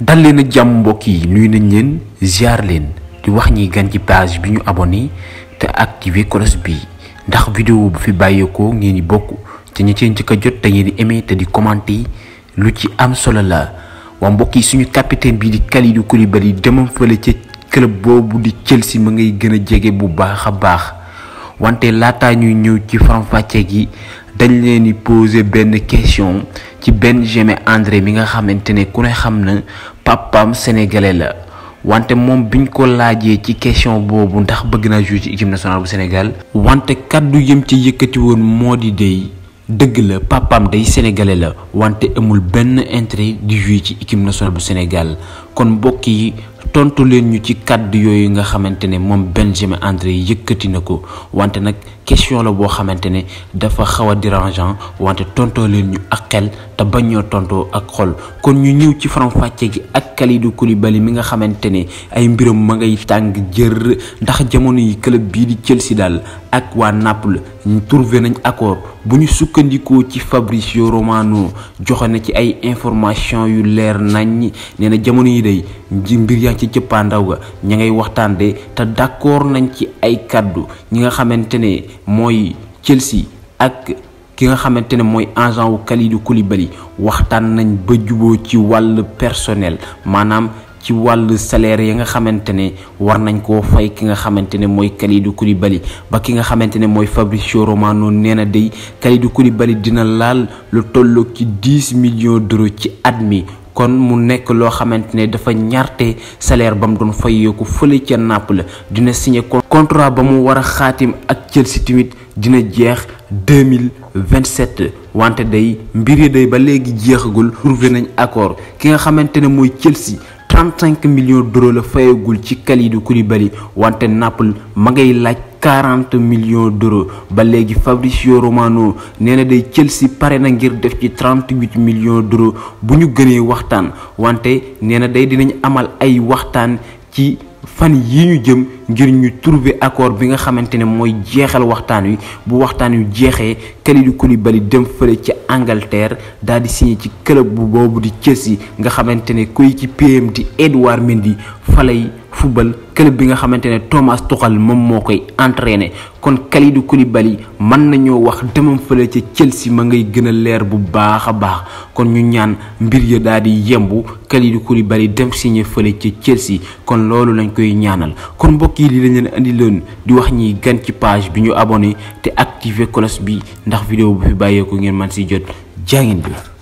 dal leen ak jàmm mbokk yi nuyu nañ leen ziar leen di wax ñi gan ci page bi ñu abonné te activé cloche bi ndax vidéo bu fi bàyyeekoo ngeen di bokk te ñi ci njëkk jot te ngeen di aimé te di commenté lu ci am solo la waa mbokk yi suñu capitaine bii di Kalidou Koulibaly demam fële ci club boobu di Chelsea mu ngay gën a jege bu baax a baax wante laataa ñuy ñëw ci faram-fàcce gi dañ leen di poser benn question ci Benjamin André mi nga xamante ne ku ne xam na papam sénégalais la wante moom biñ ko laajee ci question boobu ndax bëgg naa jouer ci équipe nationale bu Sénégal wante kaddu yëm ci yëkkati woon moo di dey dëgg la papam day sénégalais la wante amul benn intérêt di jouer ci équipe nationale bu Sénégal kon mbokk yi tontu leen ñu ci kàddu yooyu nga xamante ne moom Benjamin André yëkkati na ko wante nag question la boo xamante ne dafa xaw a dérangeant wante tontoo leen ñu ak xel te bañ ñoo tontoo ak xol kon ñu ñëw ci faram-fàcce gi ak kaliidu Kalidou bali mi nga xamante ne ay mbiram ma ngay tàng jër ndax jamono yi club bii di Chelsea daal ak waa la ñu trouvé nañ accord bu ñu sukkandikoo ci Fabrizio Romano joxe na ci ay information yu leer nañ nee na jamono yi day ca cëppaandaw ga ña ngay waxtaan de te d'accord nañ ci ay kàddu ñi nga xamante ne mooy Chelsea ak ki nga xamante ne mooy agent wu Kalidou Koulibaly waxtaan nañ ba juboo ci wàll personnel maanaam ci wàll salaire yi nga xamante ne war nañ koo fay ki nga xamante ne mooy Kalidou Koulibaly ba ki nga xamante ne mooy Fabrizio Romano nee na day Kalidou Koulibaly dina laal lu tolloog ci 10 millions d'euros ci at kon mu nekk loo xamante ne dafa ñarte salaire ba mu doon fayeeku fële ca la dina signé contrat ba mu war a xaatim ak Chelsea tamit dina jeex 2027 wante day mbir yi day ba léegi jeexagul trouvé nañ accord ki nga xamante ne mooy Chelsea 35 millions d'euros la fayagul ci Kalidou Koulibaly wante Naples ma ngay laaj 40 millions d'euros ba Fabricio Romano nee de Chelsea pare na ngir 38 millions d'euros bu ñu waxtaan wante nee day amal ay waxtaan qui fan yi ñu jëm ngir ñu trouver accord bi nga xamantene moy jéxal waxtaan wi bu waxtaan wi jeexee Kalidou Koulibaly dem fële ci Angleterre dal di signé ci club bu bobu di Chelsea nga xamantene PMD koy ci PM di Edouard Mendy falay football club bi nga xamante ne Thomas Tuchel moom moo koy entraîné kon Kalidou Koulibaly man nañoo wax demam fële ca Chelsea ma ngay gën a leer bu baax a baax kon ñu ñaan mbir ya daal di yembu kuri Koulibaly dem signé fële ca Chelsea kon loolu lañ koy ñaanal kon mbokk yi li lañ leen loon di wax ñiy gan ci page bi ñu abonné te activer cloche bi ndax vidéo bu fi bàyyeeku ngeen man si jot jaa bi